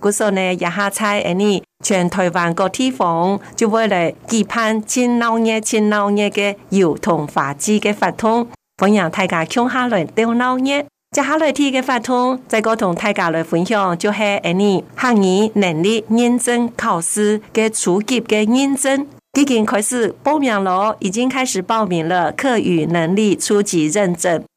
嗰時候呢，一下差，呢全台灣各地方就為了期盼新老年新老年嘅搖童法枝嘅發通，歡迎大家搶下來釣撈嘢，接下來聽嘅發通，再個同大家來分享就係呢客語能力認證考試嘅初級嘅認證，已經開始報名咯，已經開始報名了，客語能力初級認證。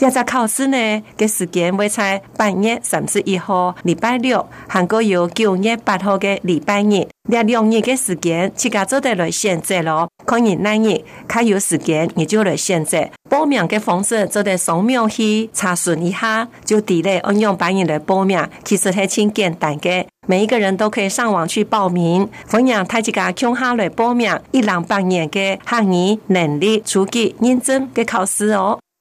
這次考試呢，嘅時間會在八月三十一號，禮拜六。還會有九月八號的禮拜日。這兩日嘅時間，自己做得來選擇咯。看你哪日，佮有時間，你就來選擇。報名的方式，做得掃描器查詢一下，就直接應用辦嘢來報名。其實係很簡單的，每一個人都可以上網去報名。歡迎大家共下來報名，一人辦一個客語能力初級認證的考試哦。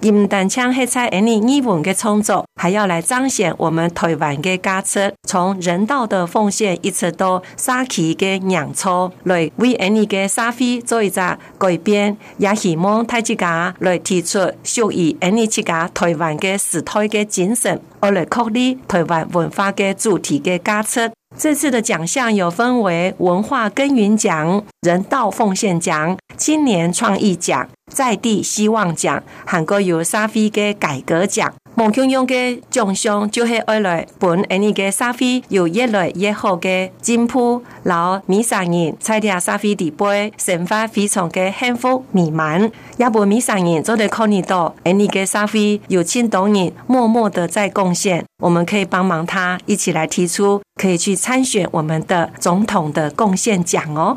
伊唔單止係，按你日本嘅創作，還要來彰顯我們台灣嘅價值。從人道的奉獻，一直到沙奇嘅釀造，來 v 的為按你嘅社會做一個改變。也希望大家來提出屬於按你自家台灣嘅時代嘅精神，而嚟確立台灣文化嘅主題嘅價值。這次的獎項又分為文化根源獎、人道奉獻獎。今年創意獎、在地希望獎，韓國有沙菲嘅改革獎。夢想用嘅獎項，就係未來本印尼嘅沙菲，有越來越好嘅進步。然後米，米上人踩加沙菲的杯，生活非常嘅幸福美滿。亞婆米上人做得可以多，印尼嘅沙菲有千多人默默的在貢獻，我們可以幫忙他一起來提出，可以去參選我們的總統的貢獻獎哦。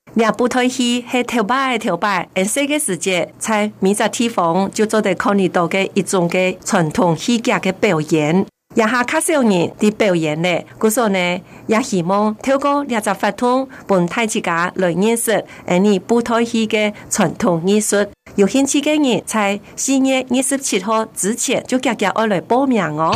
亞布袋戲係頭擺頭擺，全世界在閩南地方就做得可尼多嘅一種嘅傳統戲劇嘅表演。亞下青少年嘅表演咧，故說呢也希望透過兩隻法通本太極家來認識，而你布袋戲嘅傳統藝術。有興趣嘅人在四月二十七號之前就積極而來報名哦。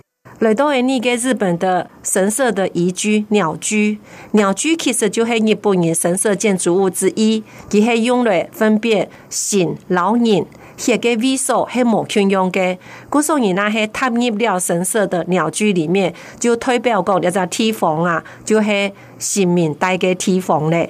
來到那個日本的神社的宜居鳥居，鳥居其實就係日本嘅神社建築物之一，佢係用來分辨神老人，係個威受係某群用嘅。古時候那啊係踏入了神社的鳥居裏面，就代表講一個地方啊，就係神明帶嘅地方咧。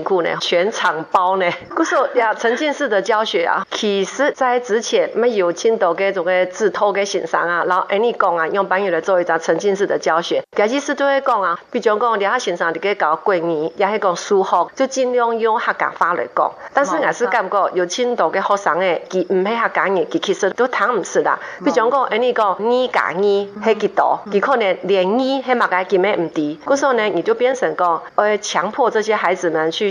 全場包呢？我說呀，沉浸式的教學啊，其實在之前沒 有聽到給這個紙托的欣賞啊，然後安尼講啊，用板友來做一張沉浸式的教學，其實做會講啊，比講講了哈欣賞這個搞幾年， 也是講舒服，就盡量用客家話來講。但是我是感覺有聽到的學生誒，其唔係客家語，其其實都聽唔是啦。比講講安尼講，二加二係幾多？其可能連二係某個幾咩唔對？嗰時、嗯、呢，你就變成講，誒， 強迫這些孩子們去。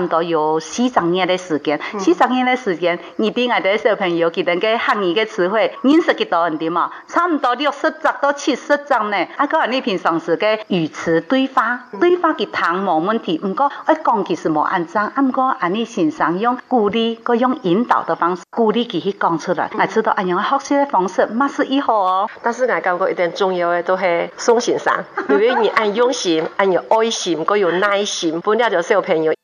差不多有四十年的時間，嗯、四十年的時間，你俾俺哋小朋友，佮人家學幾個詞彙，認識幾多唔啲嘛？差不多六十集到七十集呢。啊個啊，你平常時個語詞對話，對話佮談沒問題。唔過，一講其實冇安怎。唔過，啊你平常用鼓勵佮用引導的方式，鼓勵佢去講出來。我知道，哎呀，學習的方式，冇事以後、哦。但是，我感覺一點重要嘅都係，送先生，因為你按用心，按有愛心，佮有耐心， 本嚟就小朋友。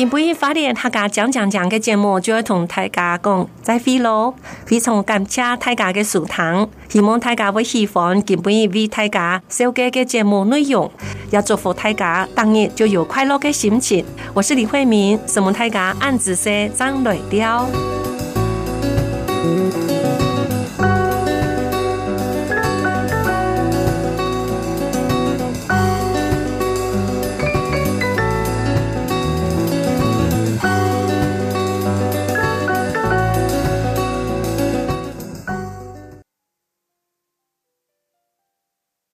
今半發的大家講講講嘅節目，就要同大家講再會嘍。非常感謝大家嘅收聽，希望大家會喜歡今半夜爲大家蒐集嘅節目內容，也祝福大家當日就有快樂嘅心情。我是李慧敏，希望大家按紫色張磊雕。